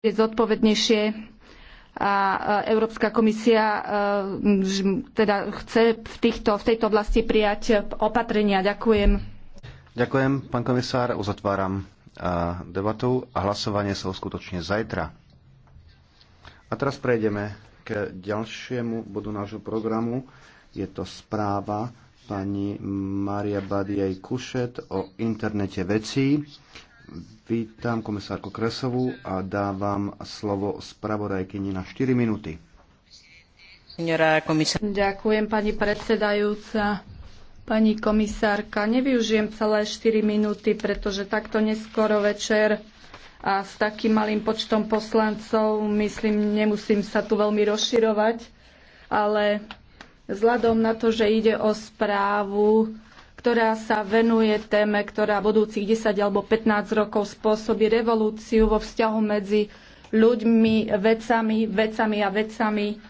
zodpovednejšie a Európska komisia e, teda chce v, týchto, v tejto oblasti prijať opatrenia. Ďakujem. Ďakujem, pán komisár. Uzatváram e, debatu a hlasovanie sa uskutočne zajtra. A teraz prejdeme k ďalšiemu bodu nášho programu. Je to správa pani Maria Badiej Kušet o internete vecí. Vítam komisárku Kresovú a dávam slovo spravodajkyni na 4 minúty. Ďakujem, pani predsedajúca. Pani komisárka, nevyužijem celé 4 minúty, pretože takto neskoro večer a s takým malým počtom poslancov, myslím, nemusím sa tu veľmi rozširovať, ale vzhľadom na to, že ide o správu, ktorá sa venuje téme, ktorá budúcich 10 alebo 15 rokov spôsobí revolúciu vo vzťahu medzi ľuďmi, vecami, vecami a vecami.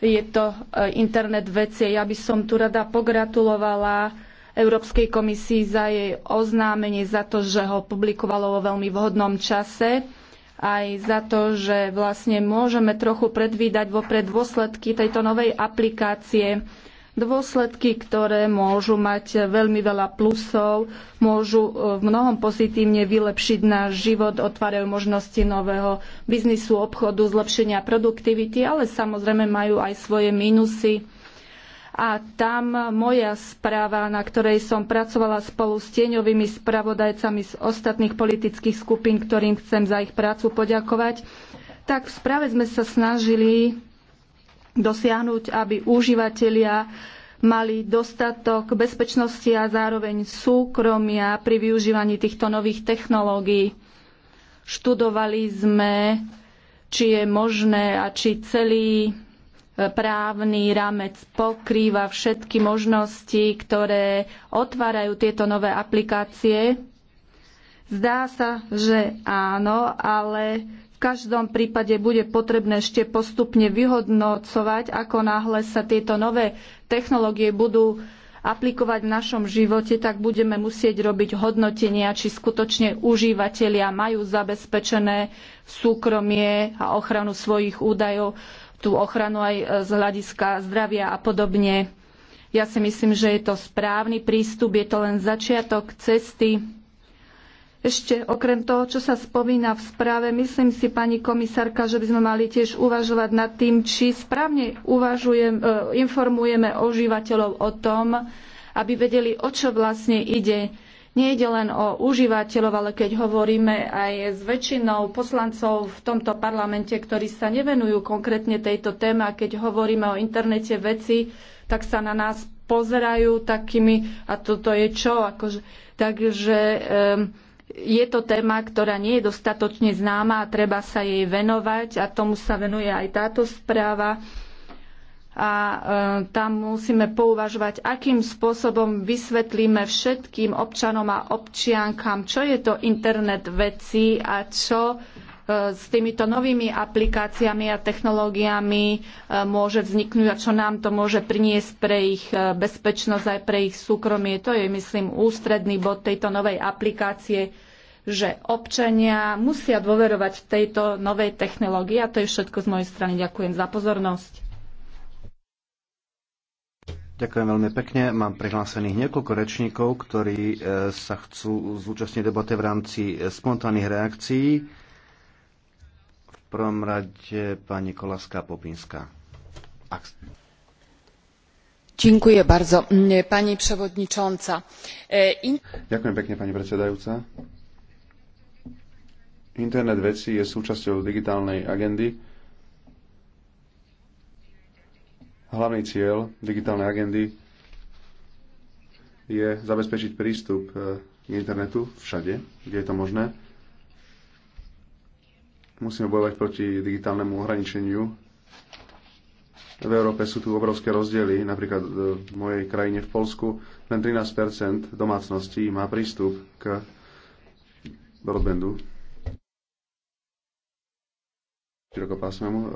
Je to e, internet vecie. Ja by som tu rada pogratulovala Európskej komisii za jej oznámenie, za to, že ho publikovalo vo veľmi vhodnom čase aj za to, že vlastne môžeme trochu predvídať vopred dôsledky tejto novej aplikácie dôsledky, ktoré môžu mať veľmi veľa plusov, môžu e, v mnohom pozitívne vylepšiť náš život, otvárajú možnosti nového biznisu, obchodu, zlepšenia produktivity, ale samozrejme majú aj svoje mínusy. A tam moja správa, na ktorej som pracovala spolu s tieňovými spravodajcami z ostatných politických skupín, ktorým chcem za ich prácu poďakovať, tak v správe sme sa snažili dosiahnuť, aby užívateľia mali dostatok bezpečnosti a zároveň súkromia pri využívaní týchto nových technológií. Študovali sme, či je možné a či celý e, právny rámec pokrýva všetky možnosti, ktoré otvárajú tieto nové aplikácie. Zdá sa, že áno, ale v každom prípade bude potrebné ešte postupne vyhodnocovať, ako náhle sa tieto nové technológie budú aplikovať v našom živote, tak budeme musieť robiť hodnotenia, či skutočne užívateľia majú zabezpečené súkromie a ochranu svojich údajov, tú ochranu aj e, z hľadiska zdravia a podobne. Ja si myslím, že je to správny prístup, je to len začiatok cesty ešte okrem toho, čo sa spomína v správe, myslím si, pani komisárka, že by sme mali tiež uvažovať nad tým, či správne uvažujem, e, informujeme užívateľov o tom, aby vedeli, o čo vlastne ide. Nie ide len o užívateľov, ale keď hovoríme aj s väčšinou poslancov v tomto parlamente, ktorí sa nevenujú konkrétne tejto téme a keď hovoríme o internete veci, tak sa na nás pozerajú takými, a toto je čo, akože, takže um, je to téma, ktorá nie je dostatočne známa a treba sa jej venovať a tomu sa venuje aj táto správa. A e, tam musíme pouvažovať, akým spôsobom vysvetlíme všetkým občanom a občiankám, čo je to internet veci a čo e, s týmito novými aplikáciami a technológiami e, môže vzniknúť a čo nám to môže priniesť pre ich e, bezpečnosť aj pre ich súkromie. To je, myslím, ústredný bod tejto novej aplikácie že občania musia dôverovať tejto novej technológii a to je všetko z mojej strany. Ďakujem za pozornosť. Ďakujem veľmi pekne. Mám prihlásených niekoľko rečníkov, ktorí e, sa chcú zúčastniť debate v rámci e, spontánnych reakcií. V prvom rade pani Kolaská Popinská. Ak... Dziękuję bardzo. Pani przewodnicząca. E, in... Ďakujem pekne, pani predsedajúca Internet veci je súčasťou digitálnej agendy. Hlavný cieľ digitálnej agendy je zabezpečiť prístup e, k internetu všade, kde je to možné. Musíme bojovať proti digitálnemu ohraničeniu. V Európe sú tu obrovské rozdiely. Napríklad e, v mojej krajine v Polsku len 13 domácností má prístup k broadbandu širokopásmemu e,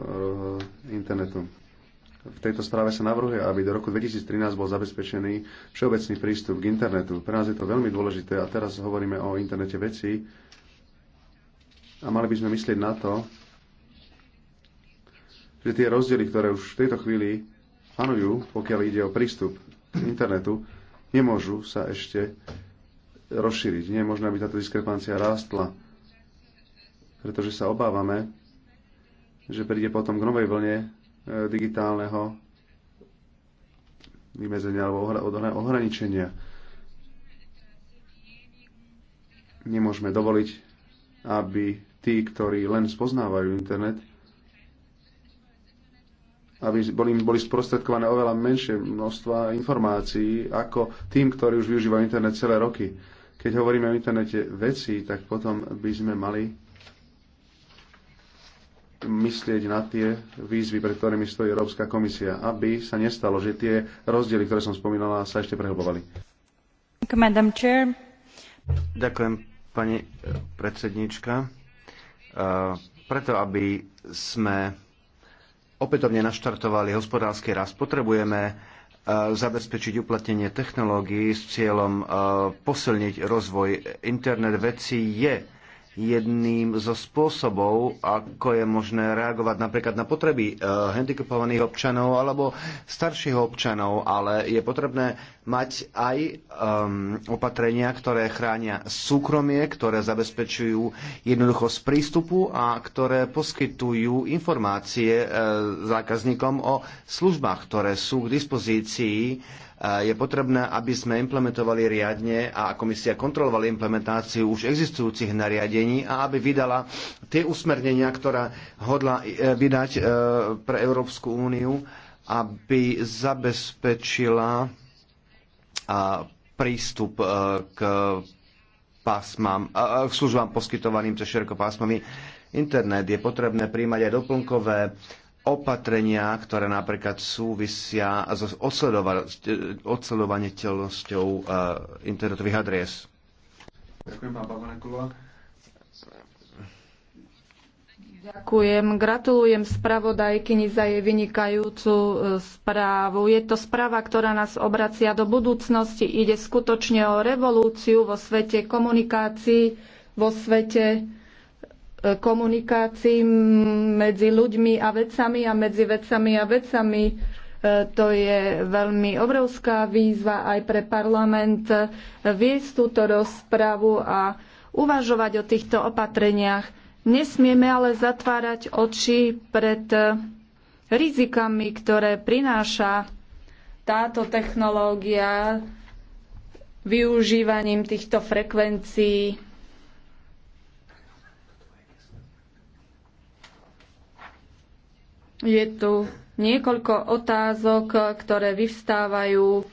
internetu. V tejto správe sa navrhuje, aby do roku 2013 bol zabezpečený všeobecný prístup k internetu. Pre nás je to veľmi dôležité a teraz hovoríme o internete vecí a mali by sme myslieť na to, že tie rozdiely, ktoré už v tejto chvíli panujú, pokiaľ ide o prístup k internetu, nemôžu sa ešte rozšíriť. Nie je možné, aby táto diskrepancia rástla, pretože sa obávame, že príde potom k novej vlne e, digitálneho vymezenia alebo ohraničenia. Nemôžeme dovoliť, aby tí, ktorí len spoznávajú internet, aby boli, boli sprostredkované oveľa menšie množstva informácií ako tým, ktorí už využívajú internet celé roky. Keď hovoríme o internete veci, tak potom by sme mali myslieť na tie výzvy, pred ktorými stojí Európska komisia, aby sa nestalo, že tie rozdiely, ktoré som spomínala, sa ešte prehlbovali. Ďakujem, pani eh, predsednička. Eh, preto, aby sme opätovne naštartovali hospodársky rast, potrebujeme eh, zabezpečiť uplatnenie technológií s cieľom posilniť rozvoj. Internet vecí je jedným zo spôsobov, ako je možné reagovať napríklad na potreby eh, handicapovaných občanov alebo starších občanov, ale je potrebné mať aj um, opatrenia, ktoré chránia súkromie, ktoré zabezpečujú jednoduchosť prístupu a ktoré poskytujú informácie e, zákazníkom o službách, ktoré sú k dispozícii. E, je potrebné, aby sme implementovali riadne a komisia kontrolovala implementáciu už existujúcich nariadení a aby vydala tie usmernenia, ktoré hodla uh, vydať e, pre Európsku úniu, aby zabezpečila prístup e, k pásmam, e, e, k službám poskytovaným cez širokopásmový internet. Je potrebné príjmať aj doplnkové opatrenia, ktoré napríklad súvisia s odsledovateľnosťou internetových adries. Ďakujem, pán Babanekula. Ďakujem. Gratulujem spravodajkyni za jej vynikajúcu e, správu. Je to správa, ktorá nás obracia do budúcnosti. Ide skutočne o revolúciu vo svete komunikácií, vo svete e, komunikácií medzi ľuďmi a vecami a medzi vecami a vecami. E, to je veľmi obrovská výzva aj pre parlament viesť túto rozpravu a uvažovať o týchto opatreniach Nesmieme ale zatvárať oči pred eh, rizikami, ktoré prináša táto technológia využívaním týchto frekvencií. Je tu niekoľko otázok, ktoré vyvstávajú,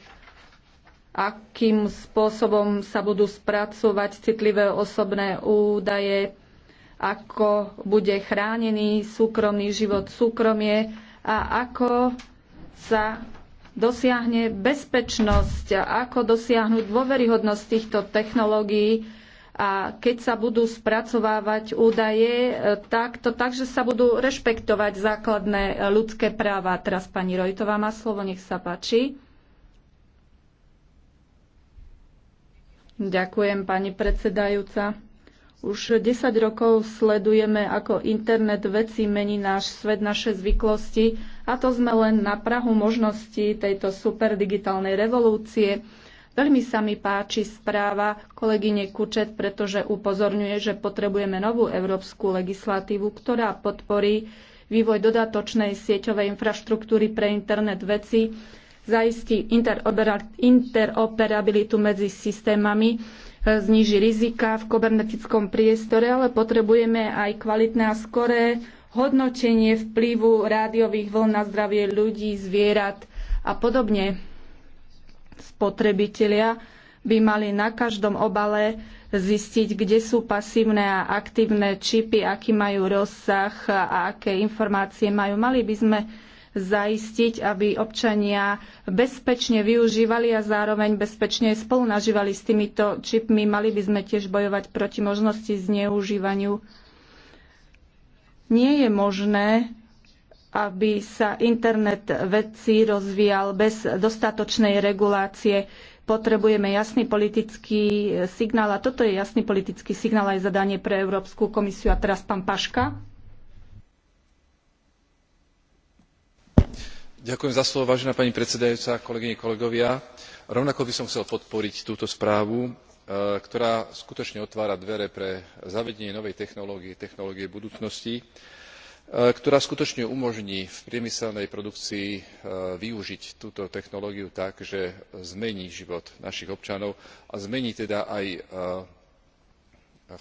akým spôsobom sa budú spracovať citlivé osobné údaje ako bude chránený súkromný život, súkromie a ako sa dosiahne bezpečnosť, a ako dosiahnuť dôveryhodnosť týchto technológií a keď sa budú spracovávať údaje e, tak, takže sa budú rešpektovať základné ľudské práva. Teraz pani Rojtová má slovo, nech sa páči. Ďakujem, pani predsedajúca. Už 10 rokov sledujeme, ako internet veci mení náš svet, naše zvyklosti a to sme len na prahu možností tejto superdigitálnej revolúcie. Veľmi sa mi páči správa kolegyne Kučet, pretože upozorňuje, že potrebujeme novú európsku legislatívu, ktorá podporí vývoj dodatočnej sieťovej infraštruktúry pre internet veci, zaistí interoperabilitu medzi systémami, zniží rizika v kobernetickom priestore, ale potrebujeme aj kvalitné a skoré hodnotenie vplyvu rádiových vln na zdravie ľudí, zvierat a podobne. Spotrebitelia by mali na každom obale zistiť, kde sú pasívne a aktívne čipy, aký majú rozsah a aké informácie majú. Mali by sme zaistiť, aby občania bezpečne využívali a zároveň bezpečne spolunažívali s týmito čipmi. Mali by sme tiež bojovať proti možnosti zneužívaniu. Nie je možné, aby sa internet vedci rozvíjal bez dostatočnej regulácie potrebujeme jasný politický signál a toto je jasný politický signál aj zadanie pre Európsku komisiu. A teraz pán Paška. rovnako by som chcel podporiť túto správu e, ktorá skutočne otvára dvere pre zavedenie novej technológie technológie budúcnosti e, ktorá skutočne umožní v priemyselnej produkcii e, využiť túto technológiu tak že zmení život našich občanov a zmení teda aj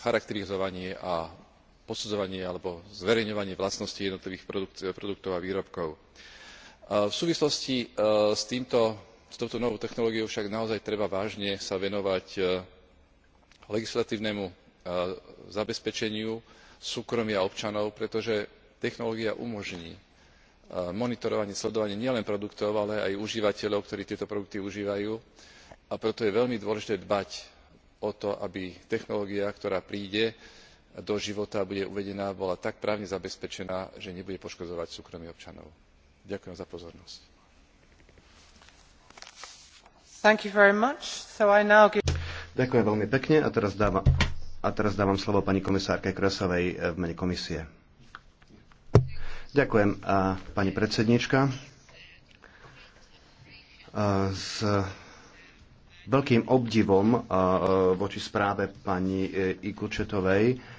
charakterizovanie a posudzovanie alebo zverejňovanie vlastností jednotlivých produktov a výrobkov v súvislosti e, s touto novou technológiou však naozaj treba vážne sa venovať e, legislatívnemu e, zabezpečeniu súkromia občanov pretože technológia umožní monitorovanie sledovanie nielen produktov ale aj užívateľov ktorí tieto produkty užívajú a preto je veľmi dôležité dbať o to aby technológia ktorá príde do života a bude uvedená bola tak právne zabezpečená že nebude poškodzovať súkromie občanov ďakujem za pozornosť. Ďakujem veľmi pekne a teraz, dávam, a teraz dávam slovo pani komisárke Kresovej eh, v mene komisie. Ďakujem, a pani predsednička. Eh, s veľkým obdivom eh, voči správe pani Ikučetovej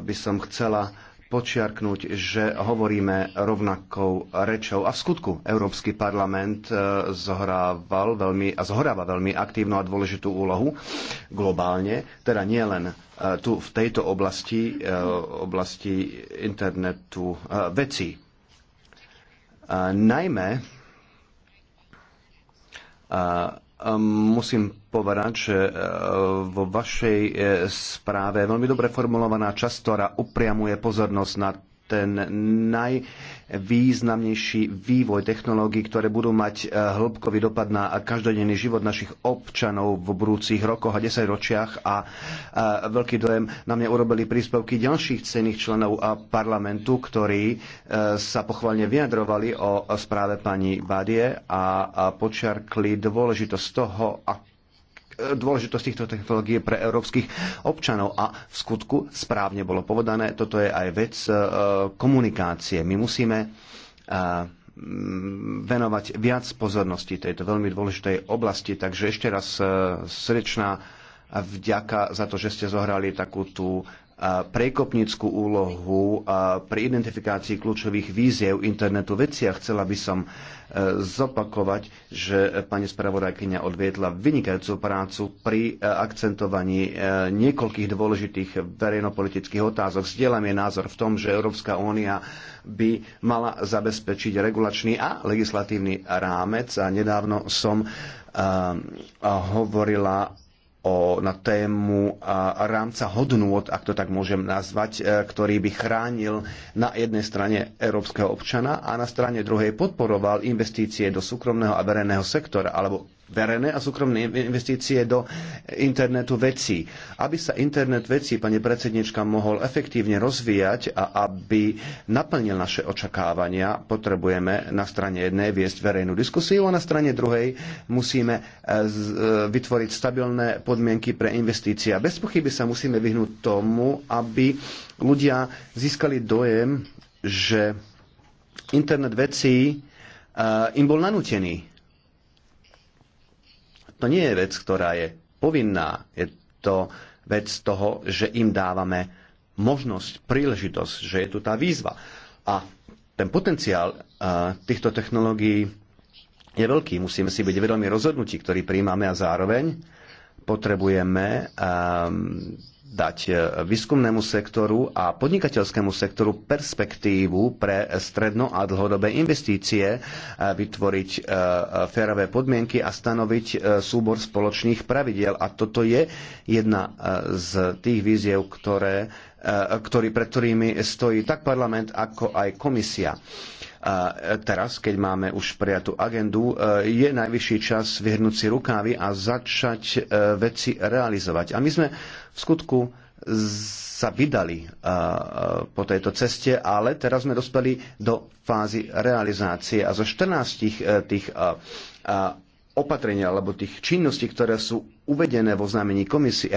by som chcela počiarknúť, že hovoríme rovnakou rečou. A v skutku Európsky parlament e, zohrával veľmi, a zohráva veľmi aktívnu a dôležitú úlohu globálne, teda nielen e, tu v tejto oblasti, e, oblasti internetu vecí. Najmä musím povedať, že e, vo vašej e, správe je veľmi dobre formulovaná časť, ktorá upriamuje pozornosť na ten najvýznamnejší vývoj technológií, ktoré budú mať e, hĺbkový dopad na každodenný život našich občanov v budúcich rokoch a desaťročiach a e, veľký dojem na mňa urobili príspevky ďalších cených členov parlamentu, ktorí e, sa pochválne vyjadrovali o správe pani Badie a počiarkli dôležitosť toho, ako dôležitosť týchto technológií pre európskych občanov. A v skutku správne bolo povedané, toto je aj vec e, komunikácie. My musíme e, venovať viac pozornosti tejto veľmi dôležitej oblasti. Takže ešte raz e, srdečná vďaka za to, že ste zohrali takú tú prekopnickú úlohu pri identifikácii kľúčových víziev internetu veci a chcela by som e, zopakovať, že pani spravodajkyňa odviedla vynikajúcu prácu pri e, akcentovaní e, niekoľkých dôležitých verejnopolitických otázok. Zdieľam je názor v tom, že Európska únia by mala zabezpečiť regulačný a legislatívny rámec a nedávno som hovorila o, na tému a, rámca hodnôt, ak to tak môžem nazvať, e, ktorý by chránil na jednej strane európskeho občana a na strane druhej podporoval investície do súkromného a verejného sektora alebo verejné a súkromné investície do internetu vecí. Aby sa internet vecí, pani predsednička, mohol efektívne rozvíjať a aby naplnil naše očakávania, potrebujeme na strane jednej viesť verejnú diskusiu a na strane druhej musíme e, e, vytvoriť stabilné podmienky pre investície. A bez pochyby sa musíme vyhnúť tomu, aby ľudia získali dojem, že internet vecí e, im bol nanútený to nie je vec, ktorá je povinná. Je to vec toho, že im dávame možnosť, príležitosť, že je tu tá výzva. A ten potenciál eh, týchto technológií je veľký. Musíme si byť vedomi rozhodnutí, ktorý príjmame a zároveň potrebujeme ehm, dať e, výskumnému sektoru a podnikateľskému sektoru perspektívu pre stredno a dlhodobé investície, e, vytvoriť e, férové podmienky a stanoviť súbor spoločných pravidiel. A toto je jedna z tých víziev, ktoré, ktorý, pred ktorými stojí tak parlament, ako aj komisia a e, teraz, keď máme už prijatú agendu, e, je najvyšší čas vyhrnúť si rukávy a začať e, veci realizovať. A my sme v skutku sa vydali po tejto ceste, ale teraz sme dospeli do fázy realizácie a zo 14 tých opatrenia alebo tých činností, ktoré sú uvedené vo znamení komisie,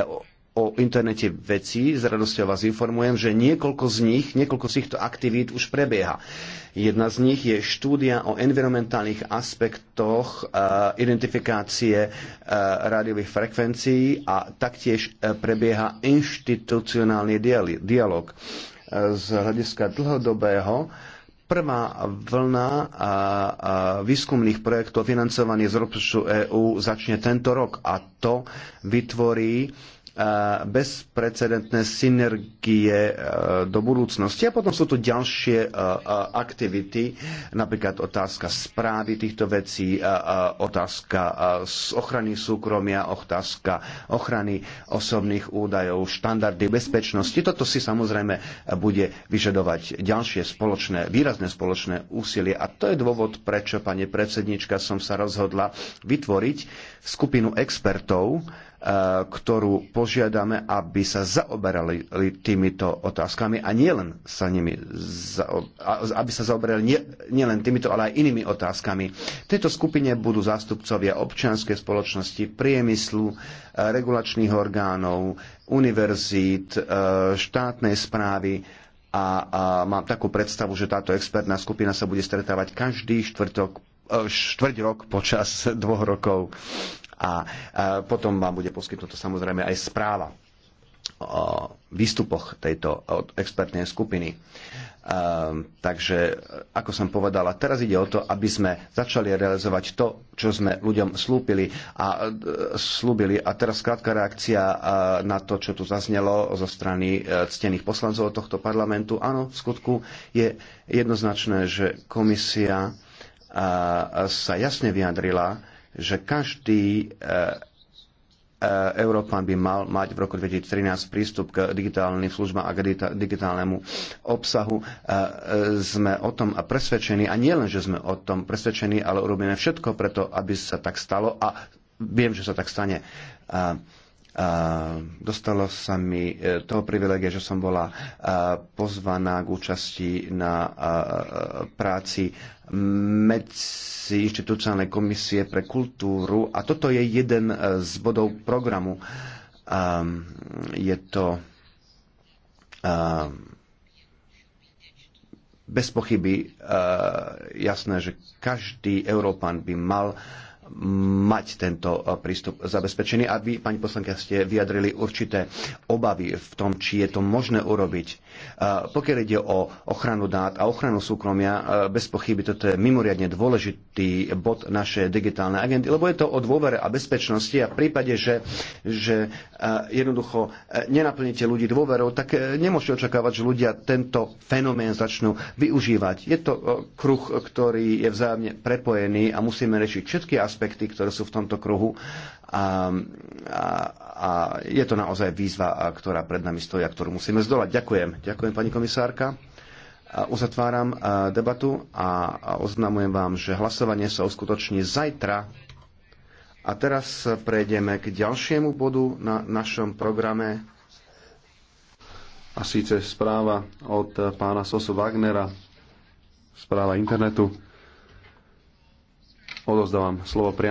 o internete vecí. S radosťou vás informujem, že niekoľko z nich, niekoľko z týchto aktivít už prebieha. Jedna z nich je štúdia o environmentálnych aspektoch uh, identifikácie uh, rádiových frekvencií a taktiež uh, prebieha inštitucionálny dialog. Uh, z hľadiska dlhodobého prvá vlna a, a výskumných projektov financovaných z rozpočtu EÚ začne tento rok a to vytvorí bezprecedentné synergie e, do budúcnosti. A potom sú tu ďalšie e, e, aktivity, napríklad otázka správy týchto vecí, otázka z ochrany súkromia, otázka ochrany osobných údajov, štandardy bezpečnosti. Toto si samozrejme bude vyžadovať ďalšie spoločné, výrazné spoločné úsilie. A to je dôvod, prečo, pani predsednička, som sa rozhodla vytvoriť skupinu expertov, Eh, ktorú požiadame, aby sa zaoberali týmito otázkami a nielen sa nimi, aby sa zaoberali nielen týmito, ale aj inými otázkami. V tejto skupine budú zástupcovia občianskej spoločnosti, priemyslu, eh, regulačných orgánov, univerzít, eh, štátnej správy a, a mám takú predstavu, že táto expertná skupina sa bude stretávať každý štvrtok štvrť rok počas dvoch rokov a potom vám bude poskytnutá samozrejme aj správa o výstupoch tejto expertnej skupiny. Takže, ako som povedala, teraz ide o to, aby sme začali realizovať to, čo sme ľuďom slúpili a slúbili. A teraz krátka reakcia na to, čo tu zaznelo zo strany e, ctených poslancov tohto parlamentu. Áno, v skutku je jednoznačné, že komisia sa jasne vyjadrila, že každý eh, eh, Európan by mal mať v roku 2013 prístup k digitálnym službám a k digitálnemu obsahu. Eh, sme o tom presvedčení a nie len, že sme o tom presvedčení, ale urobíme všetko preto, aby sa tak stalo a viem, že sa tak stane. dostalo sa mi toho privilegia, že som bola pozvaná k účasti na práci medzi inštitúciálnej komisie pre kultúru a toto je jeden e, z bodov programu. Ehm, je to ehm, bez pochyby e, jasné, že každý Európan by mal mať tento e, prístup zabezpečený. A vy, pani poslanka, ste vyjadrili určité obavy v tom, či je to možné urobiť. E, pokiaľ ide o ochranu dát a ochranu súkromia, e, bez pochyby toto je mimoriadne dôležitý bod našej digitálnej agendy, lebo je to o dôvere a bezpečnosti a v prípade, že, že jednoducho nenaplníte ľudí dôverou, tak nemôžete očakávať, že ľudia tento fenomén začnú využívať. Je to kruh, ktorý je vzájomne prepojený a musíme riešiť všetky aspekty aspekty, ktoré sú v tomto kruhu. A, a, a je to naozaj výzva, ktorá pred nami stojí a ktorú musíme zdolať. Ďakujem. Ďakujem, pani komisárka. Uzatváram debatu a oznamujem vám, že hlasovanie sa uskutoční zajtra. A teraz prejdeme k ďalšiemu bodu na našom programe. A síce správa od pána Sosu Wagnera, správa internetu odozdávam slovo priamo